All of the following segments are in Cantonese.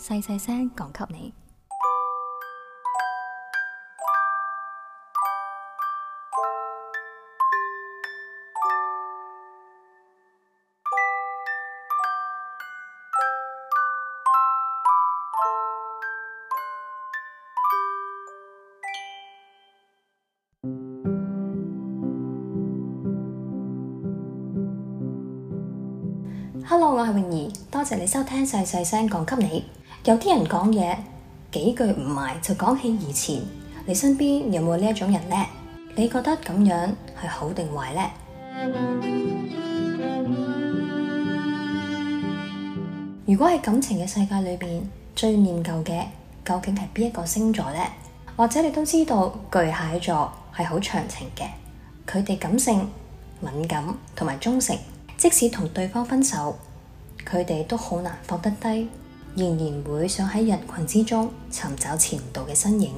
細細聲講給你。Hello，我係泳兒，多謝你收聽細細聲講給你。有啲人講嘢幾句唔埋就講起以前，你身邊有冇呢一種人呢？你覺得咁樣係好定壞呢？ 如果喺感情嘅世界裏面，最念舊嘅究竟係邊一個星座呢？或者你都知道巨蟹座係好長情嘅，佢哋感性、敏感同埋忠誠，即使同對方分手，佢哋都好難放得低。仍然會想喺人群之中尋找前度嘅身影。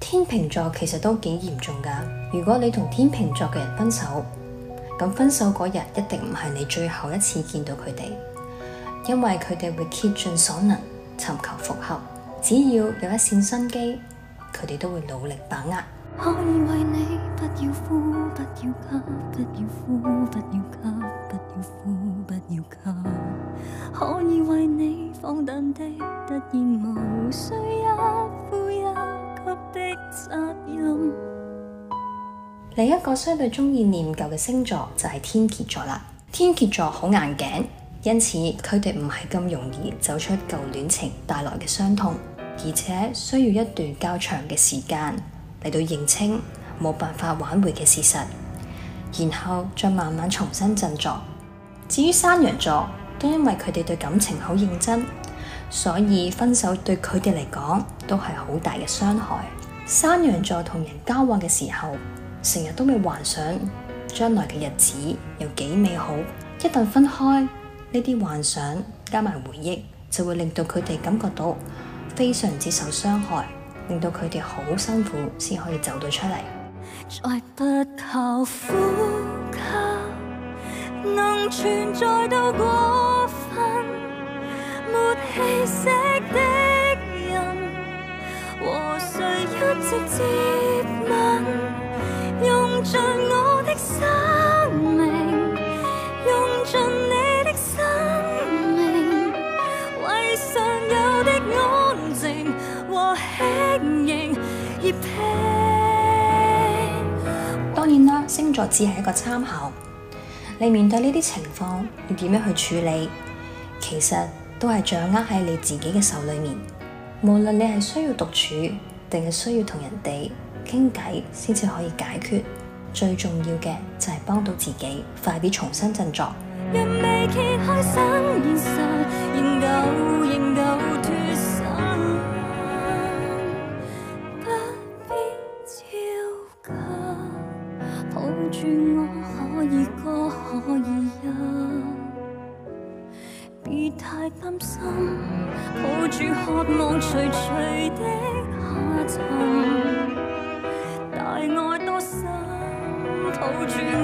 天秤座其實都幾嚴重㗎。如果你同天秤座嘅人分手，咁分手嗰日一定唔係你最後一次見到佢哋，因為佢哋會竭盡所能尋求復合，只要有一線生機。佢哋都會努力把握。可以為你，不要呼，不要吸，不要呼，不要吸，不要呼，不要吸，可以為你放膽的突然無需一呼一吸的聲音樂。另一個相對鍾意念舊嘅星座就係天蠍座啦。天蠍座好硬頸，因此佢哋唔係咁容易走出舊戀情帶來嘅傷痛。而且需要一段較長嘅時間嚟到認清冇辦法挽回嘅事實，然後再慢慢重新振作。至於山羊座，都因為佢哋對感情好認真，所以分手對佢哋嚟講都係好大嘅傷害。山羊座同人交往嘅時候，成日都會幻想將來嘅日子有幾美好，一旦分開呢啲幻想加埋回憶，就會令到佢哋感覺到。非常之受傷害，令到佢哋好辛苦先可以走到出嚟。再不呼吸，能存在到過分沒氣息的人，和誰一直接吻用盡。星座只係一個參考，你面對呢啲情況要點樣去處理，其實都係掌握喺你自己嘅手裏面。無論你係需要獨處，定係需要同人哋傾偈，先至可以解決。最重要嘅就係幫到自己，快啲重新振作。住我可以歌可以泣，別太擔心，抱住渴望徐徐的下沉，大愛多深，抱住。